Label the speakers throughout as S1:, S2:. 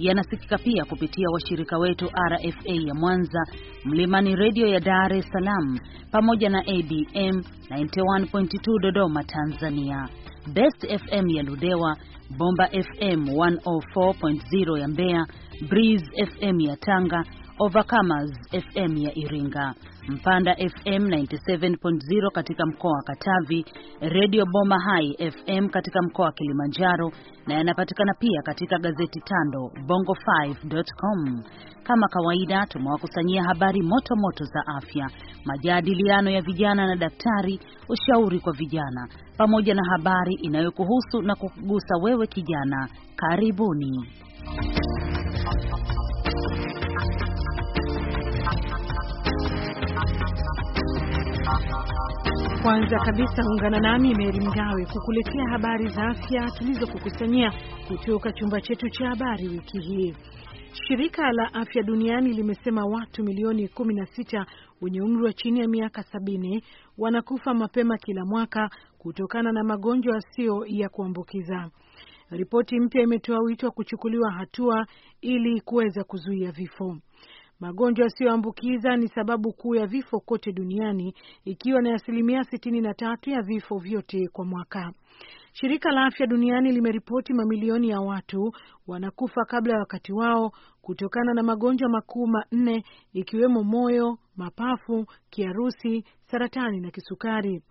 S1: yanasikika pia kupitia washirika wetu RFA ya Mwanza, Mlimani Radio ya Dar es Salaam, pamoja na ABM 91.2 Dodoma Tanzania, Best FM ya Ludewa, Bomba FM 104.0 ya Mbeya, Breeze FM ya Tanga, Overcomers FM ya Iringa, Mpanda FM 97.0 katika mkoa wa Katavi, Radio Boma Hai FM katika mkoa wa Kilimanjaro na yanapatikana pia katika gazeti Tando Bongo5.com. Kama kawaida, tumewakusanyia habari moto moto za afya, majadiliano ya vijana na daktari, ushauri kwa vijana, pamoja na habari inayokuhusu na kukugusa wewe kijana. Karibuni.
S2: Kwanza kabisa ungana nami Meri Mgawe kukuletea habari za afya tulizokukusanyia kutoka chumba chetu cha habari wiki hii. Shirika la Afya Duniani limesema watu milioni 16 wenye umri wa chini ya miaka sabini wanakufa mapema kila mwaka kutokana na magonjwa yasiyo ya kuambukiza. Ripoti mpya imetoa wito wa kuchukuliwa hatua ili kuweza kuzuia vifo. Magonjwa yasiyoambukiza ni sababu kuu ya vifo kote duniani ikiwa ni asilimia sitini na tatu ya vifo vyote kwa mwaka. Shirika la Afya Duniani limeripoti mamilioni ya watu wanakufa kabla ya wakati wao kutokana na magonjwa makuu manne ikiwemo moyo, mapafu, kiharusi, saratani na kisukari.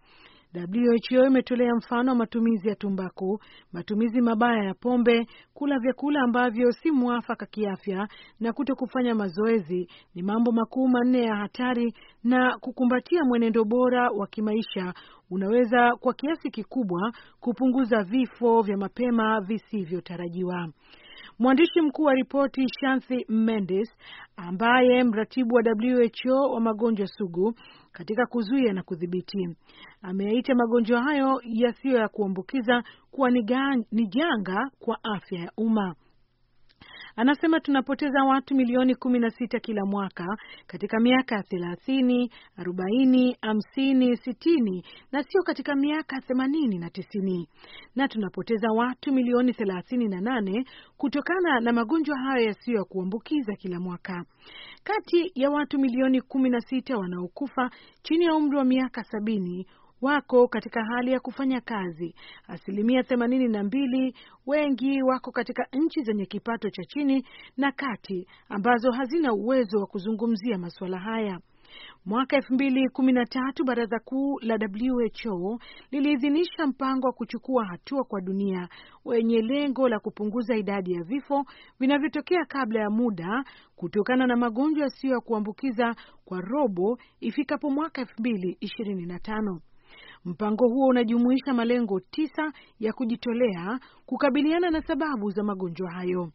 S2: WHO imetolea mfano wa matumizi ya tumbaku, matumizi mabaya ya pombe, kula vyakula ambavyo si mwafaka kiafya na kuto kufanya mazoezi ni mambo makuu manne ya hatari, na kukumbatia mwenendo bora wa kimaisha unaweza kwa kiasi kikubwa kupunguza vifo vya mapema visivyotarajiwa. Mwandishi mkuu wa ripoti Shanthi Mendes, ambaye mratibu wa WHO wa magonjwa sugu katika kuzuia na kudhibiti, ameyaita magonjwa hayo yasiyo ya kuambukiza kuwa ni janga kwa afya ya umma. Anasema tunapoteza watu milioni kumi na sita kila mwaka katika miaka ya thelathini, arobaini, hamsini, sitini na sio katika miaka themanini na tisini, na tunapoteza watu milioni thelathini na nane kutokana na magonjwa hayo yasiyo ya kuambukiza kila mwaka. Kati ya watu milioni kumi na sita wanaokufa chini ya umri wa miaka sabini wako katika hali ya kufanya kazi, asilimia themanini na mbili wengi wako katika nchi zenye kipato cha chini na kati ambazo hazina uwezo wa kuzungumzia masuala haya. Mwaka elfu mbili kumi na tatu baraza kuu la WHO liliidhinisha mpango wa kuchukua hatua kwa dunia wenye lengo la kupunguza idadi ya vifo vinavyotokea kabla ya muda kutokana na magonjwa yasiyo ya kuambukiza kwa robo ifikapo mwaka elfu mbili ishirini na tano. Mpango huo unajumuisha malengo tisa ya kujitolea kukabiliana na sababu za magonjwa hayo.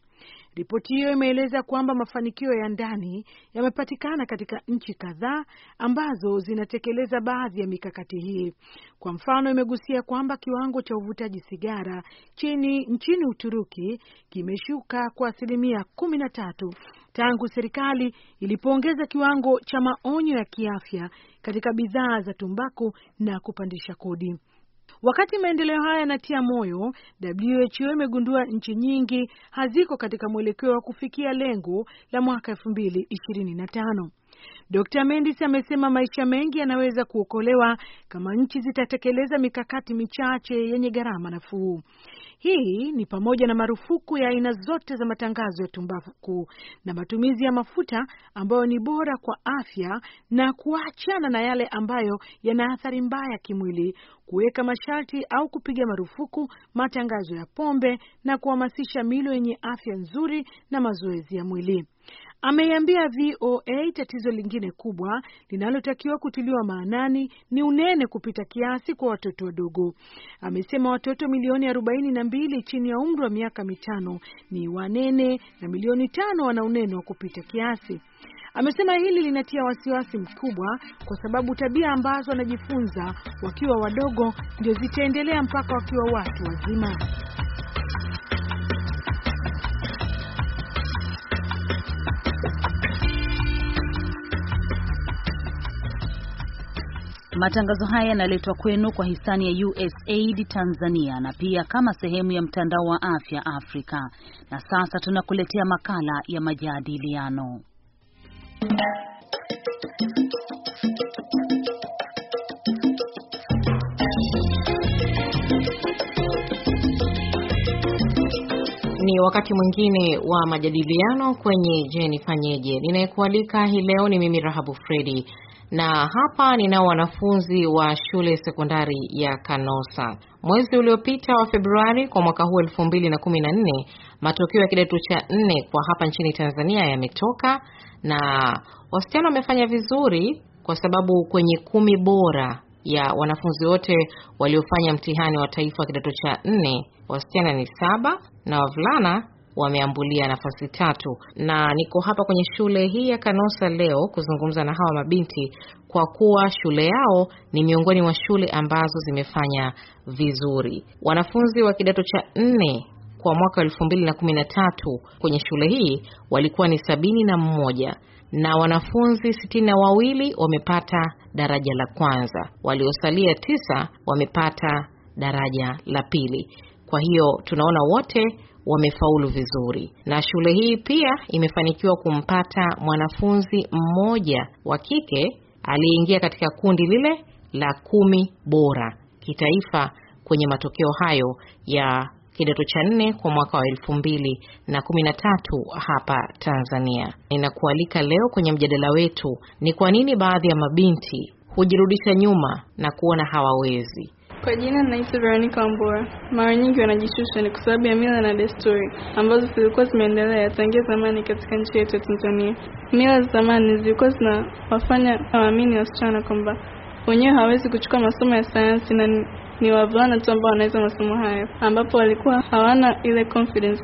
S2: Ripoti hiyo imeeleza kwamba mafanikio ya ndani yamepatikana katika nchi kadhaa ambazo zinatekeleza baadhi ya mikakati hii. Kwa mfano, imegusia kwamba kiwango cha uvutaji sigara chini nchini Uturuki kimeshuka kwa asilimia kumi na tatu tangu serikali ilipoongeza kiwango cha maonyo ya kiafya katika bidhaa za tumbaku na kupandisha kodi. Wakati maendeleo haya yanatia moyo, WHO imegundua nchi nyingi haziko katika mwelekeo wa kufikia lengo la mwaka tano. Dr. mendis amesema maisha mengi yanaweza kuokolewa kama nchi zitatekeleza mikakati michache yenye gharama nafuu. Hii ni pamoja na marufuku ya aina zote za matangazo ya tumbaku na matumizi ya mafuta ambayo ni bora kwa afya na kuachana na yale ambayo yana athari mbaya kimwili, kuweka masharti au kupiga marufuku matangazo ya pombe na kuhamasisha milo yenye afya nzuri na mazoezi ya mwili. Ameiambia VOA tatizo lingine kubwa linalotakiwa kutiliwa maanani ni unene kupita kiasi kwa watoto wadogo. Amesema watoto milioni arobaini na mbili chini ya umri wa miaka mitano ni wanene na milioni tano wana unene wa kupita kiasi. Amesema hili linatia wasiwasi mkubwa kwa sababu tabia ambazo wanajifunza wakiwa wadogo ndio zitaendelea mpaka wakiwa watu wazima.
S1: Matangazo haya yanaletwa kwenu kwa hisani ya USAID Tanzania na pia kama sehemu ya mtandao wa afya Afrika. Na sasa tunakuletea makala ya majadiliano.
S3: Ni wakati mwingine wa majadiliano kwenye Je, nifanyeje. Ninayekualika hii leo ni mimi Rahabu Fredi na hapa ninao wanafunzi wa shule sekondari ya Kanosa. Mwezi uliopita wa Februari kwa mwaka huu elfu mbili na kumi na nne, matokeo ya kidato cha nne kwa hapa nchini Tanzania yametoka na wasichana wamefanya vizuri kwa sababu kwenye kumi bora ya wanafunzi wote waliofanya mtihani wa taifa wa kidato cha nne wasichana ni saba na wavulana wameambulia nafasi tatu, na niko hapa kwenye shule hii ya Kanosa leo kuzungumza na hawa mabinti kwa kuwa shule yao ni miongoni mwa shule ambazo zimefanya vizuri. Wanafunzi wa kidato cha nne kwa mwaka wa elfu mbili na kumi na tatu kwenye shule hii walikuwa ni sabini na mmoja na wanafunzi sitini na wawili wamepata daraja la kwanza, waliosalia tisa wamepata daraja la pili. Kwa hiyo tunaona wote wamefaulu vizuri, na shule hii pia imefanikiwa kumpata mwanafunzi mmoja wa kike aliyeingia katika kundi lile la kumi bora kitaifa kwenye matokeo hayo ya kidato cha nne kwa mwaka wa elfu mbili na kumi na tatu hapa Tanzania. Ninakualika leo kwenye mjadala wetu, ni kwa nini baadhi ya mabinti hujirudisha nyuma na kuona hawawezi.
S4: Kwa jina naitwa Veronica Mbora. Mara nyingi wanajishusha ni kwa sababu ya mila na desturi ambazo zilikuwa zimeendelea tangia zamani katika nchi yetu ya Tanzania. Mila za zamani zilikuwa zinawafanya waamini wasichana kwamba wenyewe hawezi kuchukua masomo ya sayansi na ni wavulana tu ambao wanaweza masomo hayo, ambapo walikuwa hawana ile confidence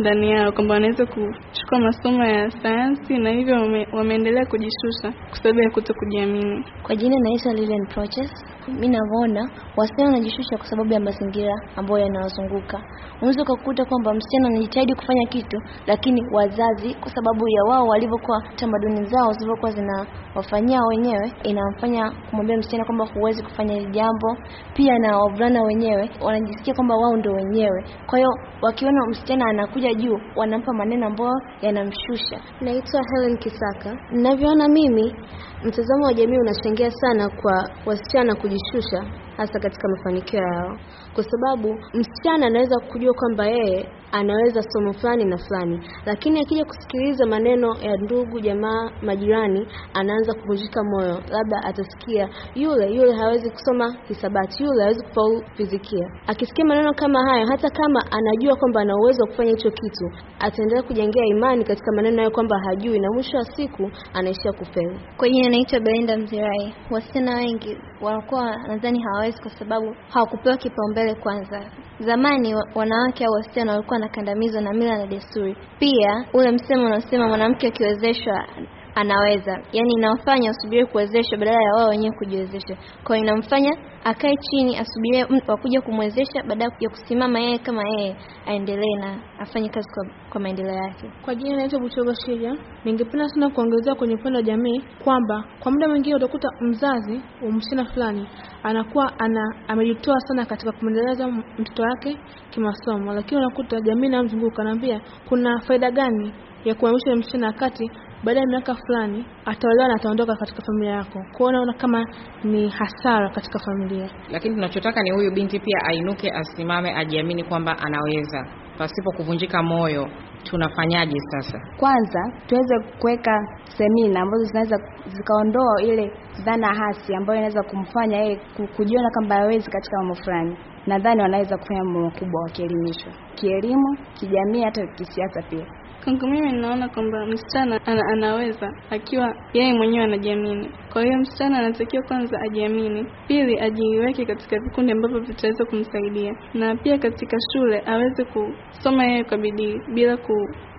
S4: ndani yao kwamba wanaweza kuchukua masomo ya sayansi na hivyo wameendelea kujishusha kwa sababu ya kuto kujiamini. Kwa jina naitwa Lilian Proches. Mimi navyoona wasichana wanajishusha kwa sababu ya mazingira
S5: ambayo yanawazunguka. Unaweza ukakuta kwamba msichana anajitahidi kufanya kitu, lakini wazazi kwa sababu ya wao walivyokuwa, tamaduni zao zilivyokuwa zinawafanyia wenyewe, inamfanya kumwambia msichana kwamba huwezi kufanya hili jambo. Pia na wavulana wenyewe wanajisikia kwamba wao ndio wenyewe, kwa hiyo wakiona msichana anakuja kumshusha juu, wanampa maneno ambayo yanamshusha. Naitwa Helen Kisaka. Ninavyoona mimi, mtazamo wa
S6: jamii unachangia sana kwa wasichana kujishusha hasa katika mafanikio yao, kwa sababu msichana anaweza kujua kwamba yeye anaweza somo fulani na fulani, lakini akija kusikiliza maneno ya ndugu, jamaa, majirani, anaanza kuvunjika moyo. Labda atasikia yule yule hawezi kusoma hisabati, yule hawezi kufaulu fizikia. Akisikia maneno kama hayo, hata kama anajua kwamba ana uwezo wa kufanya hicho kitu, ataendelea kujengea imani katika maneno hayo kwamba hajui, na mwisho wa siku anaishia kufeli.
S5: Kwa jina anaitwa Belinda Mzirai. Wasichana wengi wanakuwa nadhani hawawezi kwa sababu hawakupewa kipaumbele kwanza. Zamani wanawake au wasichana walikuwa wanakandamizwa na mila na desturi. Pia ule msemo unaosema mwanamke akiwezeshwa anaweza yani inamfanya asubiri kuwezeshwa badala ya wao wenyewe kujiwezesha kwa inamfanya akae chini asubirie wakuja kumwezesha badala ya kusimama yeye kama yeye aendelee na afanye kazi kwa, kwa maendeleo yake kwa jina naitwa Buchoga Shija ningependa sana kuongezea kwenye upande wa jamii kwamba kwa muda mwingine
S6: utakuta mzazi msichana fulani anakuwa ana amejitoa sana katika kumwendeleza mtoto wake kimasomo lakini unakuta jamii inayomzunguka naambia kuna faida gani ya kuamisha msichana wakati baada ya miaka fulani ataolewa na ataondoka katika familia yako. Kwa hiyo naona kama ni hasara katika familia,
S3: lakini tunachotaka ni huyu binti pia ainuke, asimame, ajiamini kwamba anaweza pasipo kuvunjika moyo. Tunafanyaje
S7: sasa?
S6: Kwanza tuweze kuweka semina ambazo zinaweza zikaondoa ile dhana hasi ambayo inaweza kumfanya yeye kujiona kwamba hawezi katika mambo fulani. Nadhani wanaweza kufanya mambo makubwa wakielimishwa, kielimu, kijamii, hata kisiasa pia.
S4: Kwangu mimi ninaona kwamba msichana ana, anaweza akiwa yeye mwenyewe anajiamini. Kwa hiyo msichana anatakiwa kwanza ajiamini, pili ajiweke katika vikundi ambavyo vitaweza kumsaidia, na pia katika shule aweze kusoma yeye kwa bidii bila ku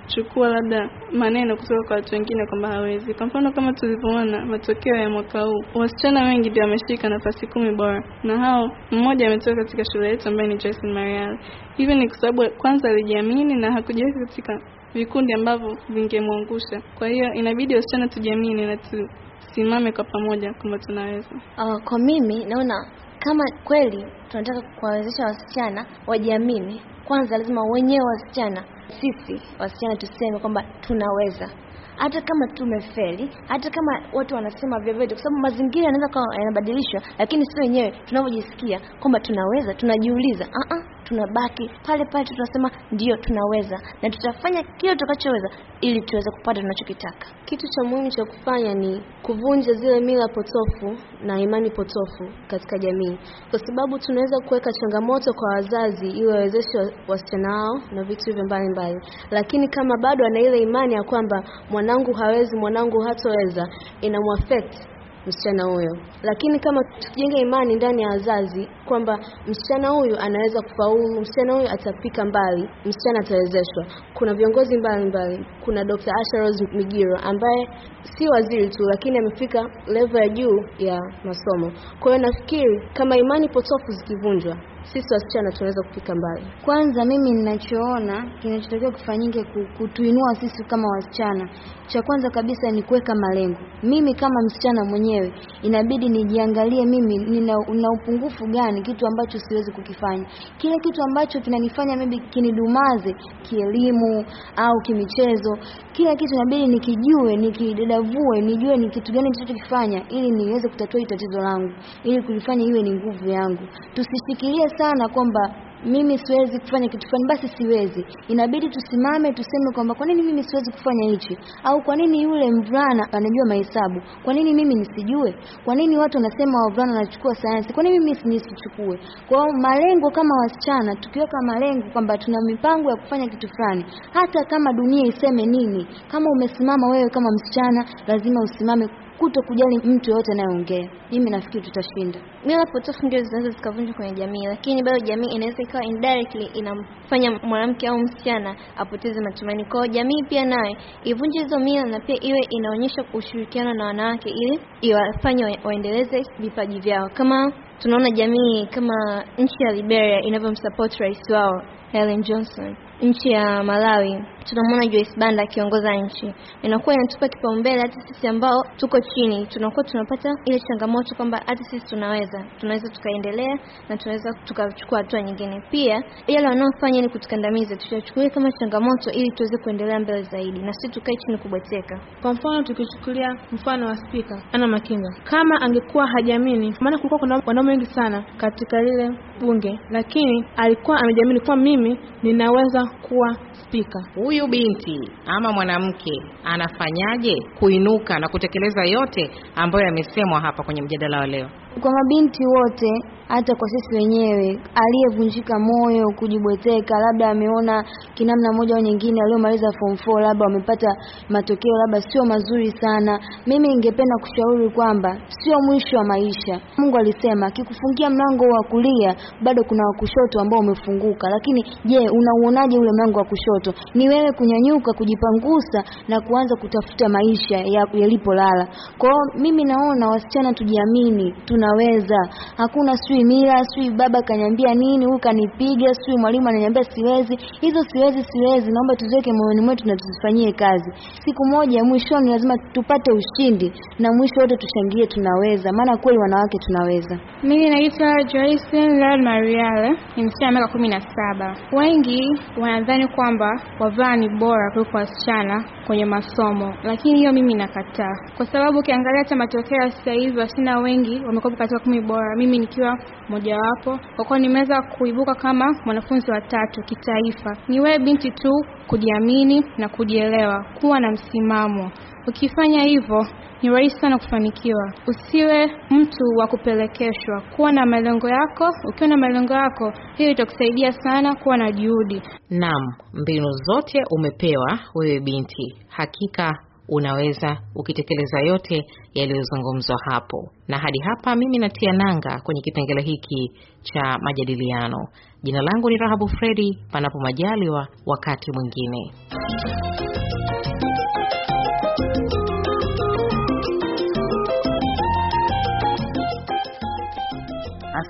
S4: chukua labda maneno kutoka kwa watu wengine kwamba hawezi. Kwa mfano kama tulivyoona matokeo ya mwaka huu, wasichana wengi ndio wameshika nafasi kumi bora, na hao mmoja ametoka katika shule yetu ambaye ni Jason marial Hivyo ni kwa sababu kwanza alijiamini na hakujiweka katika vikundi ambavyo vingemwangusha. Kwa hiyo inabidi wasichana tujiamini na tusimame kwa pamoja kwamba tunaweza.
S5: Uh, kwa mimi naona kama kweli tunataka kuwawezesha wasichana wajiamini, kwanza lazima wenyewe wasichana, sisi wasichana tuseme kwamba tunaweza hata kama tumefeli, hata kama watu wanasema vyovyote, kwa sababu mazingira yanaweza kuwa yanabadilishwa, lakini sio wenyewe tunavyojisikia kwamba tunaweza, tunajiuliza uh -uh tunabaki pale pale, tunasema ndio tunaweza, na tutafanya kile tutakachoweza ili tuweze kupata tunachokitaka. Kitu cha muhimu cha kufanya ni kuvunja zile mila
S6: potofu na imani potofu katika jamii, kwa sababu tunaweza kuweka changamoto kwa wazazi ili wawezeshe wasichana wao na vitu hivyo mbalimbali, lakini kama bado ana ile imani ya kwamba mwanangu hawezi, mwanangu hatoweza, inamwafect msichana huyo. Lakini kama tukijenga imani ndani ya wazazi kwamba msichana huyu anaweza kufaulu, msichana huyu atafika mbali, msichana atawezeshwa. Kuna viongozi mbalimbali mbali. Kuna Dr. Asha Rose Migiro ambaye si waziri tu, lakini amefika level ya juu ya masomo. Kwa hiyo nafikiri kama imani potofu zikivunjwa sisi wasichana tunaweza kufika mbali.
S8: Kwanza mimi ninachoona kinachotakiwa kufanyike kutuinua sisi kama wasichana, cha kwanza kabisa ni kuweka malengo. Mimi kama msichana mwenyewe inabidi nijiangalie mimi nina, nina upungufu gani, kitu ambacho siwezi kukifanya, kile kitu ambacho kinanifanya mimi kinidumaze kielimu au kimichezo, kila kitu inabidi nikijue, nikidadavue, nijue ni kitu gani nitakachokifanya, ili niweze kutatua tatizo langu, ili kulifanya iwe ni nguvu yangu. Tusishikilie sana kwamba mimi siwezi kufanya kitu fulani basi siwezi inabidi tusimame tuseme kwamba kwa nini mimi siwezi kufanya hichi au kwa nini yule mvulana anajua mahesabu kwa nini mimi nisijue kwa nini watu wanasema wavulana wanachukua sayansi kwa nini mimi nisichukue kwa malengo kama wasichana tukiweka malengo kwamba tuna mipango ya kufanya kitu fulani hata kama dunia iseme nini kama umesimama wewe kama msichana lazima usimame kuto kujali mtu yoyote anayeongea. Mimi nafikiri tutashinda.
S5: Mila potofu ndio zinaweza zikavunjwa kwenye jamii, lakini bado jamii inaweza ikawa indirectly inamfanya mwanamke au msichana apoteze matumaini. Kwa jamii pia naye ivunje hizo mila, na pia iwe inaonyesha ushirikiano na wanawake, ili iwafanye waendeleze vipaji vyao, kama tunaona jamii kama nchi ya Liberia inavyomsupport rais wao Helen Johnson nchi ya Malawi tunamwona Joyce Banda akiongoza nchi, inakuwa inatupa kipaumbele hata sisi ambao tuko chini, tunakuwa tunapata ile changamoto kwamba hata sisi tunaweza tunaweza tukaendelea na tunaweza tukachukua hatua nyingine. Pia yale wanaofanya ni kutukandamiza, tuchachukulia kama changamoto ili tuweze kuendelea mbele zaidi, na sisi tukae chini kubweteka. Kwa mfano, tukichukulia mfano wa Spika Anna Makinga, kama
S6: angekuwa hajamini, maana kulikuwa kuna wanaume wengi sana katika lile bunge, lakini alikuwa amejamini kuwa mimi ninaweza kuwa Spika, huyu
S3: binti ama mwanamke anafanyaje kuinuka na kutekeleza yote ambayo yamesemwa hapa kwenye mjadala wa leo?
S8: Kwa mabinti wote, hata kwa sisi wenyewe, aliyevunjika moyo, kujibweteka, labda ameona kinamna moja au nyingine, aliyomaliza form 4 labda wamepata matokeo labda sio mazuri sana, mimi ningependa kushauri kwamba sio mwisho wa maisha. Mungu alisema akikufungia mlango wa kulia, bado kuna wa kushoto ambao umefunguka. Lakini je, unauonaje ule mlango wa kushoto? mtoto, ni wewe kunyanyuka, kujipangusa na kuanza kutafuta maisha yalipolala. Kwa hiyo mimi naona wasichana tujiamini, tunaweza. Hakuna sijui mila, sijui baba kaniambia nini, huyu kanipiga, sijui mwalimu ananiambia siwezi. Hizo siwezi siwezi, naomba tuziweke moyoni mwetu na tuzifanyie kazi. Siku moja mwishoni lazima tupate ushindi na mwisho wote tushangilie, tunaweza, maana kweli wanawake tunaweza.
S9: Mimi naitwa Joyce Lord Mariale, ni msichana miaka kumi na saba. Wengi wanadhani kwa kwamba wavulana ni bora kuliko wasichana kwenye masomo, lakini hiyo mimi nakataa, kwa sababu ukiangalia hata matokeo sasa hivi wasichana wengi wamekuwa katika kumi bora, mimi nikiwa mojawapo, kwa kuwa nimeweza kuibuka kama mwanafunzi wa tatu kitaifa. Ni wewe binti tu kujiamini na kujielewa, kuwa na msimamo. Ukifanya hivyo ni rahisi sana kufanikiwa. Usiwe mtu wa kupelekeshwa. Kuwa na malengo yako. Ukiwa na malengo yako, hiyo itakusaidia sana kuwa na juhudi.
S3: Naam, mbinu zote umepewa wewe binti, hakika unaweza ukitekeleza yote yaliyozungumzwa hapo. Na hadi hapa mimi natia nanga kwenye kipengele hiki cha majadiliano. Jina langu ni Rahabu Fredi, panapo majaliwa wakati mwingine.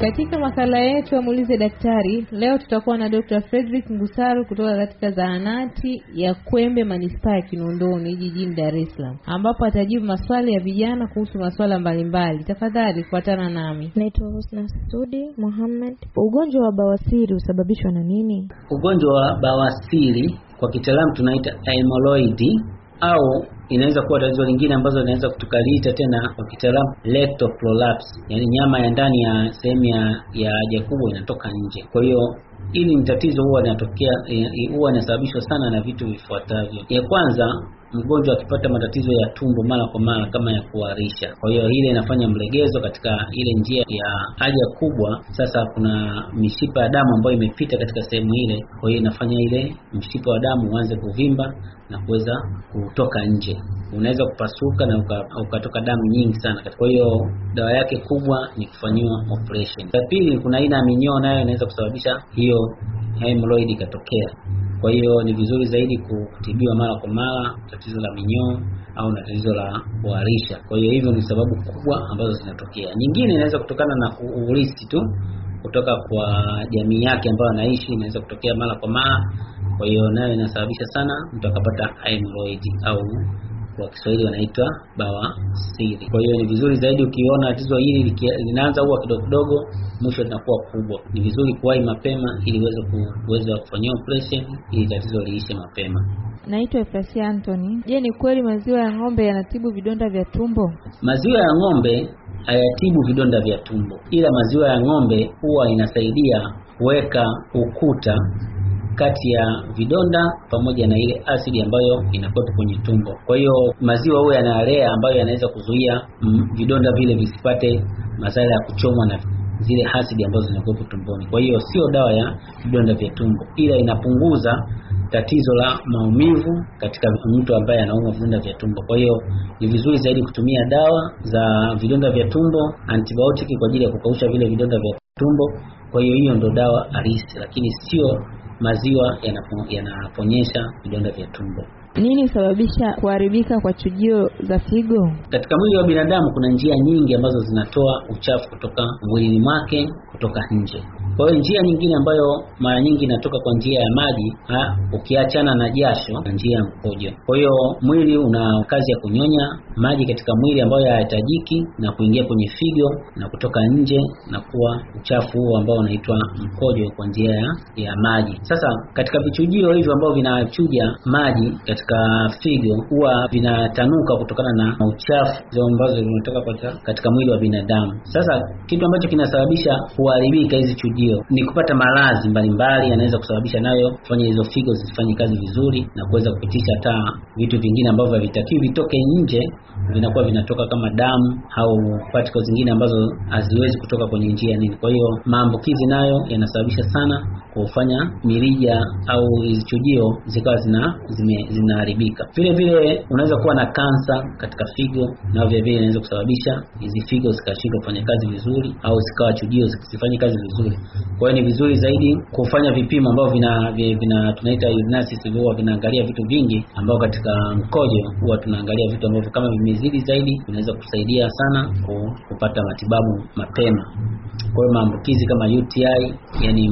S9: Katika makala yetu ya muulize daktari leo tutakuwa na Dr. Frederick Ngusaru kutoka katika zahanati ya Kwembe manispaa ya Kinondoni jijini Dar es Salaam, ambapo atajibu maswali ya vijana kuhusu masuala mbalimbali. Tafadhali fuatana nami. Naitwa Husna Sudi Mohamed. Ugonjwa wa bawasiri husababishwa na nini?
S10: Ugonjwa wa bawasiri kwa kitaalamu tunaita amyloid au inaweza kuwa tatizo lingine ambazo linaweza tukaliita tena kwa kitaalamu rectal prolapse, yani nyama ya ndani ya sehemu ya ya haja kubwa inatoka nje. Kwa hiyo hili ni tatizo huwa linatokea, eh, huwa inasababishwa sana na vitu vifuatavyo. Ya kwanza mgonjwa akipata matatizo ya tumbo mara kwa mara kama ya kuharisha. Kwa hiyo ile inafanya mlegezo katika ile njia ya haja kubwa. Sasa kuna mishipa ya damu ambayo imepita katika sehemu ile, kwa hiyo inafanya ile mshipa wa damu uanze kuvimba na kuweza kutoka nje, unaweza kupasuka na ukatoka uka damu nyingi sana. Kwa hiyo dawa yake kubwa ni kufanyiwa operation. Ya pili, kuna aina ya minyoo nayo inaweza kusababisha hiyo hemorrhoid ikatokea kwa hiyo ni vizuri zaidi kutibiwa mara kwa mara tatizo la minyoo au na tatizo la kuharisha. Kwa hiyo hivyo ni sababu kubwa ambazo zinatokea. Nyingine inaweza kutokana na uurithi tu kutoka kwa jamii yake ambayo anaishi, inaweza kutokea mara kwa mara. Kwa hiyo nayo inasababisha sana mtu akapata hemorrhoid au kwa Kiswahili wanaitwa bawasiri. Mm. Kwa hiyo ni vizuri zaidi ukiona tatizo hili linaanza huwa kidogo kidogo, mwisho linakuwa kubwa, ni vizuri kuwahi mapema ili uweze kuweza kufanyia operation ili tatizo liishe mapema.
S9: Naitwa Efrasia Anthony. Je, ni kweli maziwa ya ng'ombe yanatibu vidonda vya
S7: tumbo?
S10: Maziwa ya ng'ombe hayatibu vidonda vya tumbo, ila maziwa ya ng'ombe huwa inasaidia kuweka ukuta kati ya vidonda pamoja na ile asidi ambayo inakuwepo kwenye tumbo. Kwa hiyo maziwa huwa yanalea ambayo yanaweza kuzuia mm, vidonda vile visipate madhara ya kuchomwa na zile asidi ambazo zinakuwepo tumboni. Kwa hiyo sio dawa ya vidonda vya tumbo, ila inapunguza tatizo la maumivu katika mtu ambaye anaumwa vidonda vya tumbo. Kwa hiyo ni vizuri zaidi kutumia dawa za vidonda vya tumbo, antibiotiki kwa ajili ya kukausha vile vidonda vya tumbo. Kwa hiyo hiyo ndo dawa halisi, lakini sio maziwa yanaponyesha vidonda vya tumbo.
S9: Nini sababisha kuharibika kwa chujio za figo?
S10: Katika mwili wa binadamu kuna njia nyingi ambazo zinatoa uchafu kutoka mwilini mwake kutoka nje. Kwa hiyo njia nyingine ambayo mara nyingi inatoka kwa njia ya maji ha, ukiachana na jasho na njia ya mkojo. Kwa hiyo mwili una kazi ya kunyonya maji katika mwili ambayo hayahitajiki na kuingia kwenye figo na kutoka nje na kuwa uchafu huo ambao unaitwa mkojo kwa njia ya, ya maji. Sasa katika vichujio hivyo ambao vinachuja maji katika figo huwa vinatanuka kutokana na uchafu ambazo zinatoka katika mwili wa binadamu. Sasa kitu ambacho kinasababisha kuharibika hizi chujio hiyo ni kupata maradhi mbalimbali yanaweza kusababisha nayo kufanya hizo figo zisifanye kazi vizuri na kuweza kupitisha hata vitu vingine ambavyo havitakiwi vitoke nje, vinakuwa vinatoka kama damu au particles zingine ambazo haziwezi kutoka kwenye njia nini. Kwa hiyo maambukizi nayo yanasababisha sana kufanya mirija au chujio zikawa zina zinaharibika. Vile vile unaweza kuwa na kansa katika figo, na vile vile inaweza kusababisha hizi figo zikashindwa kufanya kazi vizuri, au zikawa chujio zisifanye kazi vizuri. Kwa hiyo ni vizuri zaidi kufanya vipimo ambavyo vina, vina tunaita urinalysis huwa vinaangalia vitu vingi, ambao katika mkojo huwa tunaangalia vitu ambavyo kama vimezidi zaidi vinaweza kusaidia sana kupata matibabu mapema. Kwa hiyo maambukizi kama UTI, yani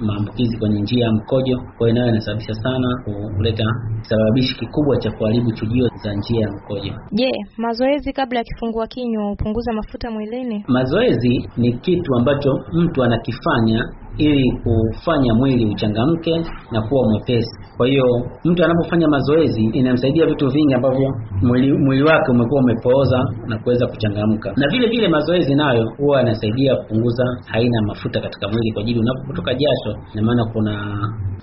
S10: maambukizi kwenye njia ya mkojo, kwa hiyo nayo inasababisha sana kuleta sababishi kikubwa cha kuharibu chujio za njia ya mkojo.
S9: Je, yeah, mazoezi kabla ya kifungua kinywa hupunguza mafuta mwilini?
S10: Mazoezi ni kitu ambacho mtu anakifanya Yeah. ili kufanya mwili uchangamke na kuwa mwepesi. Kwa hiyo mtu anapofanya mazoezi inamsaidia vitu vingi ambavyo mwili, mwili wake umekuwa umepooza na kuweza kuchangamka. Na vile vile mazoezi nayo huwa yanasaidia kupunguza haina mafuta katika mwili, kwa ajili unapotoka jasho, na maana kuna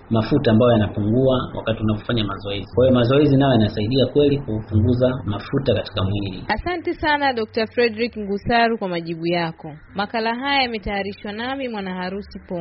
S10: mafuta ambayo yanapungua wakati unapofanya mazoezi. Kwa hiyo mazoezi nayo yanasaidia kweli kupunguza mafuta katika mwili.
S9: Asante sana Dr. Frederick Ngusaru kwa majibu yako. Makala haya yametayarishwa nami
S8: harusi po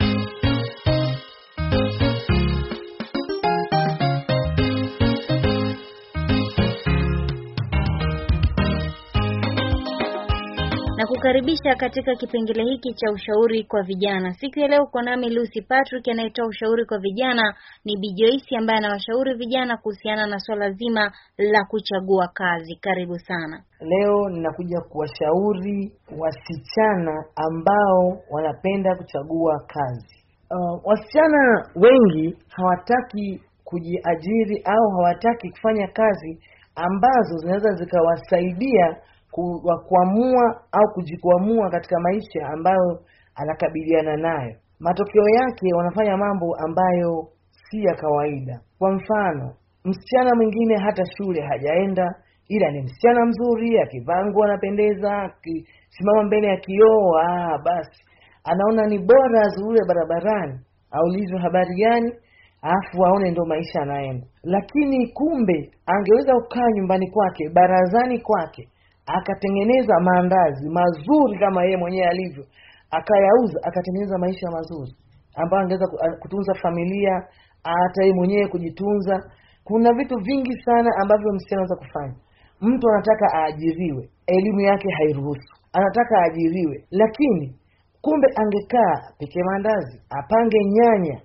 S8: kukaribisha katika kipengele hiki cha ushauri kwa vijana. Siku ya leo uko nami Lucy Patrick, anayetoa ushauri kwa vijana ni Bi Joyce, ambaye anawashauri vijana kuhusiana na swala zima la kuchagua kazi. Karibu sana.
S11: Leo ninakuja kuwashauri wasichana ambao wanapenda kuchagua kazi. Uh, wasichana wengi hawataki kujiajiri au hawataki kufanya kazi ambazo zinaweza zikawasaidia kuamua au kujikwamua katika maisha ambayo anakabiliana nayo. Matokeo yake wanafanya mambo ambayo si ya kawaida. Kwa mfano, msichana mwingine hata shule hajaenda, ila ni msichana mzuri, akivaa nguo anapendeza, akisimama mbele ya kioo, ah, basi anaona ni bora azurure barabarani, aulizwe habari gani, alafu aone ndo maisha anaenda. Lakini kumbe angeweza kukaa nyumbani kwake, barazani kwake akatengeneza maandazi mazuri kama yeye mwenyewe alivyo, akayauza, akatengeneza maisha mazuri ambayo angeweza kutunza familia, hata yeye mwenyewe kujitunza. Kuna vitu vingi sana ambavyo msichana anaweza kufanya. Mtu anataka aajiriwe, elimu yake hairuhusu, anataka aajiriwe, lakini kumbe angekaa peke maandazi, apange nyanya,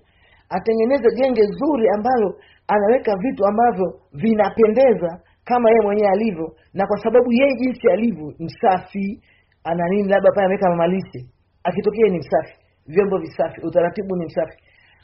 S11: atengeneze genge zuri ambalo anaweka vitu ambavyo vinapendeza kama yeye mwenyewe alivyo, na kwa sababu yeye jinsi alivyo msafi, ana nini, labda pale ameweka mamalisi, akitokea ni msafi, vyombo visafi, utaratibu ni msafi,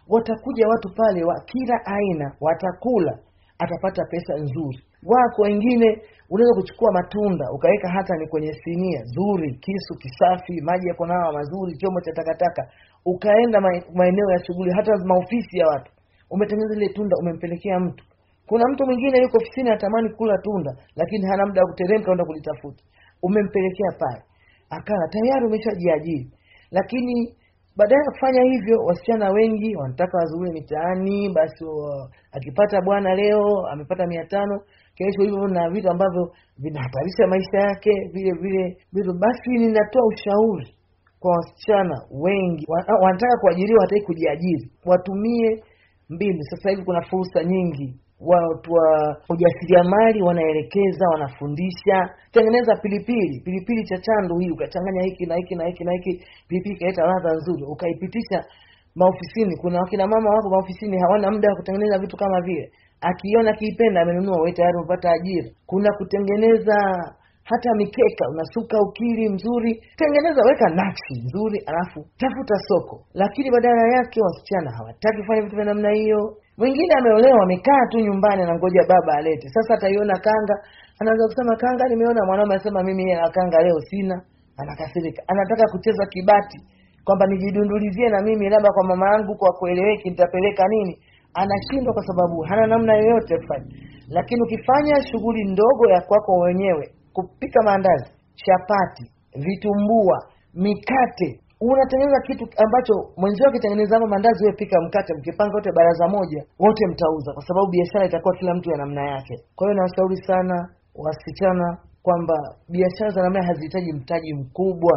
S11: watakuja watu pale wa kila aina, watakula, atapata pesa nzuri. Wako wengine unaweza kuchukua matunda ukaweka hata ni kwenye sinia zuri, kisu kisafi, maji yako nawa mazuri, chombo cha takataka, ukaenda maeneo ya shughuli, hata maofisi ya watu, umetengeneza ile tunda, umempelekea mtu kuna mtu mwingine yuko ofisini anatamani kula tunda, lakini hana muda wa kuteremka kwenda kulitafuta. Umempelekea pale, akala tayari, umeshajiajiri. Lakini badala ya kufanya hivyo, wasichana wengi wanataka wazuie mitaani. Basi oh, akipata bwana leo amepata mia tano, kesho hivyo, na vitu ambavyo vinahatarisha maisha yake vile vile vitu. Basi ninatoa ushauri kwa wasichana wengi wanataka kuajiriwa, hataki kujiajiri, watumie mbinu. Sasa hivi kuna fursa nyingi watu wa ujasiriamali wanaelekeza, wanafundisha, tengeneza pilipili pilipili cha chandu hii, ukachanganya hiki na hiki na hiki na hiki, pilipili ikaleta ladha nzuri, ukaipitisha maofisini. Kuna wakina mama wako maofisini hawana muda wa kutengeneza vitu kama vile, akiona kiipenda, amenunua, wewe tayari umepata ajira. Kuna kutengeneza hata mikeka unasuka ukili mzuri, tengeneza, weka nakshi nzuri, alafu tafuta soko. Lakini badala yake wasichana hawataki kufanya vitu vya namna hiyo, Mwingine ameolewa amekaa tu nyumbani anangoja baba alete. Sasa ataiona kanga, anaanza kusema kanga nimeona mwanaume anasema mimi ya kanga leo sina, anakasirika. Anataka kucheza kibati kwamba nijidundulizie na mimi labda kwa mama yangu kwa kueleweki nitapeleka nini? Anashindwa kwa sababu hana namna yoyote kufanya. Lakini ukifanya shughuli ndogo ya kwako wenyewe, kupika maandazi, chapati, vitumbua, mikate unatengeneza kitu ambacho mwenzio akitengeneza hapo mandazi, wewe pika mkate, mkipanga wote baraza moja, wote mtauza, kwa sababu biashara itakuwa kila mtu ya namna yake. Kwa hiyo nawashauri sana wasichana kwamba biashara za namna hazihitaji mtaji mkubwa,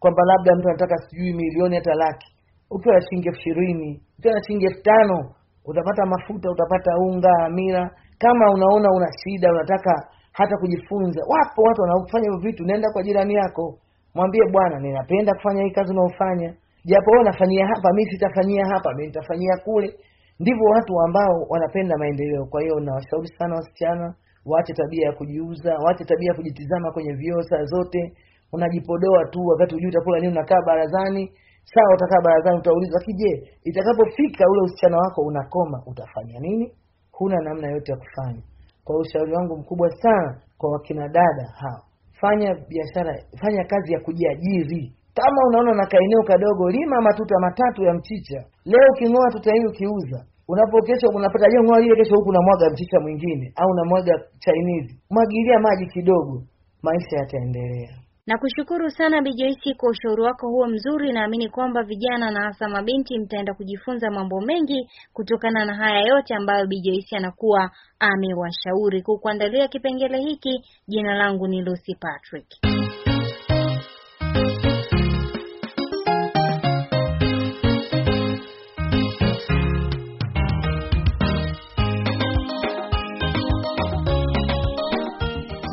S11: kwamba labda mtu anataka sijui milioni hata laki. Ukiwa na shilingi elfu ishirini ukiwa na shilingi elfu tano utapata mafuta, utapata unga, hamira. Kama unaona una shida, unataka hata kujifunza, wapo watu wanaofanya hivyo vitu, naenda kwa jirani yako mwambie bwana, ninapenda kufanya hii kazi unaofanya, japo wewe unafanyia hapa, mimi sitafanyia hapa, mimi nitafanyia kule. Ndivyo watu ambao wanapenda maendeleo. Kwa hiyo nawashauri sana wasichana waache tabia ya kujiuza, waache tabia ya kujitizama kwenye viosa zote. Unajipodoa tu wakati hujui utakula nini, unakaa barazani. Sawa, utakaa barazani, utaulizwa kije, itakapofika ule usichana wako unakoma, utafanya nini? Huna namna yote ya kufanya. Kwa ushauri wangu mkubwa sana kwa wakina dada hao fanya biashara, fanya kazi ya kujiajiri. Kama unaona na kaeneo kadogo, lima matuta matatu ya mchicha leo, uking'oa tuta hii ukiuza unapokesha unapata jangwa ile, kesho huku unamwaga mchicha mwingine au unamwaga chinese mwagilia maji kidogo, maisha yataendelea.
S8: Nakushukuru sana Bi Joyce kwa ushauri wako huo mzuri. Naamini kwamba vijana na hasa mabinti mtaenda kujifunza mambo mengi kutokana na haya yote ambayo Bi Joyce anakuwa amewashauri. Kukuandalia kipengele hiki, jina langu ni Lucy Patrick.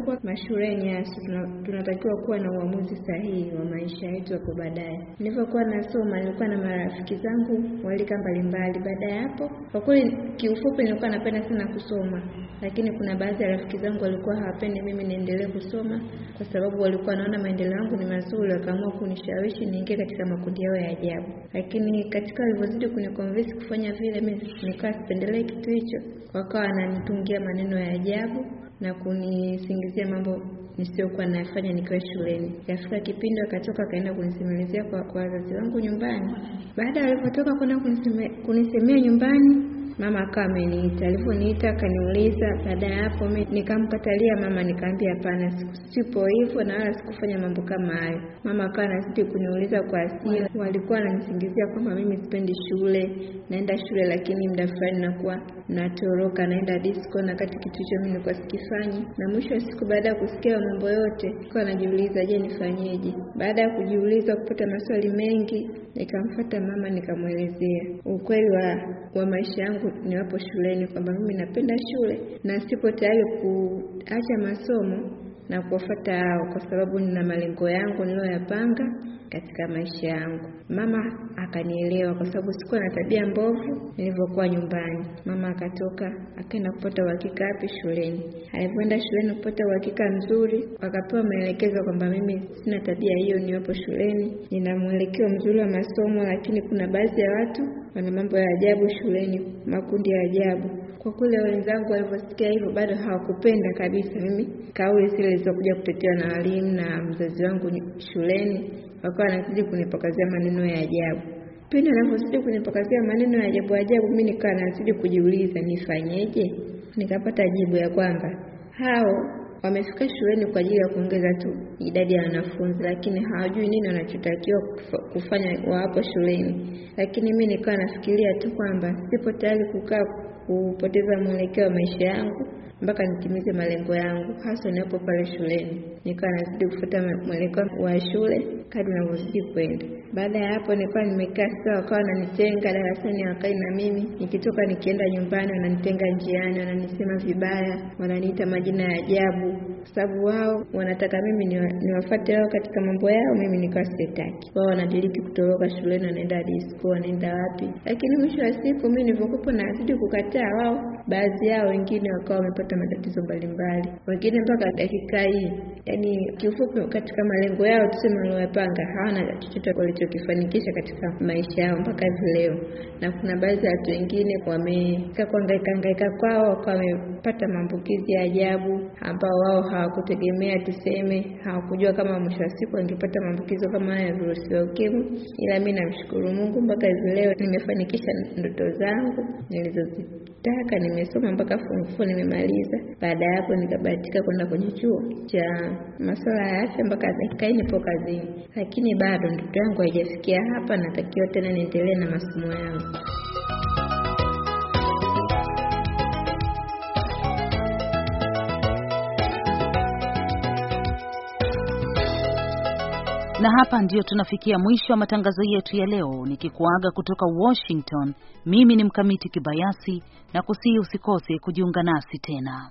S9: tunapokuwa mashuleni hasa tunatakiwa kuwa na uamuzi sahihi wa maisha yetu hapo baadaye. Nilivyokuwa nasoma, nilikuwa na marafiki zangu walika mbalimbali. Baada ya hapo, kwa kweli, kiufupi, nilikuwa napenda sana kusoma, lakini kuna baadhi ya rafiki zangu walikuwa hawapendi mimi niendelee kusoma, kwa sababu walikuwa naona maendeleo yangu ni mazuri, wakaamua kunishawishi niingie katika makundi yao ya ajabu. Lakini katika walivyozidi kuniconvince kufanya vile, mimi nikawa sipendelee kitu hicho, wakawa wananitungia maneno ya ajabu na kunisingizia mambo nisiyokuwa nayafanya nikiwa shuleni. Yafika kipindi akatoka akaenda kunisimulizia kwa wazazi wangu nyumbani. Baada ya alipotoka kwenda kunisemea nyumbani Mama akawa ameniita, alivyoniita akaniuliza. Baada ya hapo nikamkatalia mama, nikaambia hapana, sipo hivyo na wala sikufanya mambo kama hayo. Mama akawa anazidi kuniuliza kwa asili, walikuwa wananisingizia kwamba mimi sipendi shule, naenda shule lakini muda fulani nakuwa natoroka, naenda disco, na kati kitu hicho mimi nilikuwa sikifanyi. Na mwisho wa siku, baada ya kusikia mambo yote, nikawa najiuliza, je, nifanyeje? Baada ya kujiuliza, kupata maswali mengi, nikamfuata mama, nikamwelezea ukweli wa, wa maisha yangu nipo niwapo shuleni kwamba mimi napenda shule na sipo tayari kuacha masomo na kuwafata hao, kwa sababu nina malengo yangu niliyoyapanga katika maisha yangu. Mama akanielewa, kwa sababu sikuwa na tabia mbovu nilivyokuwa nyumbani. Mama akatoka akaenda kupata uhakika hapi shuleni. Alivyoenda shuleni kupata uhakika mzuri, wakapewa maelekezo kwamba mimi sina tabia hiyo niwapo shuleni, nina mwelekeo mzuri wa masomo, lakini kuna baadhi ya watu wana mambo ya ajabu shuleni, makundi ya ajabu. Kwa kule wenzangu walivyosikia hivyo, bado hawakupenda kabisa. Mimi kauli zile zilizokuja kutetewa na walimu na mzazi wangu shuleni, wakawa wanazidi kunipakazia maneno ya ajabu. Pindi wanavyozidi kunipakazia maneno ya ajabu ajabu, mimi nikawa nazidi kujiuliza nifanyeje. Nikapata jibu ya kwamba hao Wamefika shuleni kwa ajili ya kuongeza tu idadi ya wanafunzi, lakini hawajui nini wanachotakiwa kufanya wawapo shuleni. Lakini mimi nikawa nafikiria tu kwamba sipo tayari kukaa kupoteza mwelekeo wa maisha yangu mpaka nitimize malengo yangu, hasa niwapo pale shuleni. Nikawa nazidi kufuata mwelekeo wa shule kadri ninavyozidi kwenda. Baada ya hapo nilikuwa nimekaa sasa, wakawa wananitenga darasani, hawakai na mimi. Nikitoka nikienda nyumbani, wananitenga njiani, wananisema vibaya, wananiita majina ya ajabu, kwa sababu wao wanataka mimi niwafuate wao katika mambo yao, mimi nikawa sitaki. Wao wanadiriki kutoroka shuleni, wanaenda disco, wanaenda wapi, lakini mwisho wa siku mimi nilivyokuwa nazidi kukataa wao, baadhi yao wengine wakawa wamepata matatizo mbalimbali, wengine mpaka dakika hii, Yani kiufupi, katika malengo yao tuseme waliyopanga hawana chochote walichokifanikisha katika maisha yao mpaka hivi leo, na kuna baadhi ya watu wengine wameka kuangaika angaika kwao, wamepata maambukizi ya ajabu ambao wao hawakutegemea, tuseme hawakujua kama mwisho wa siku angepata maambukizo kama haya ya virusi vya ukimwi, ila mi namshukuru Mungu mpaka hivi leo nimefanikisha ndoto zangu nilizozitaka. Nimesoma mpaka form four nimemaliza. Baada ya hapo nikabahatika kwenda kwenye chuo cha masuala ya afya mpaka dakika nipo kazini, lakini bado ndoto yangu haijafikia hapa, natakiwa tena niendelee na masomo yangu.
S1: Na hapa ndiyo tunafikia mwisho wa matangazo yetu ya leo, nikikuaga kutoka Washington. Mimi ni Mkamiti Kibayasi na kusihi usikose kujiunga nasi tena.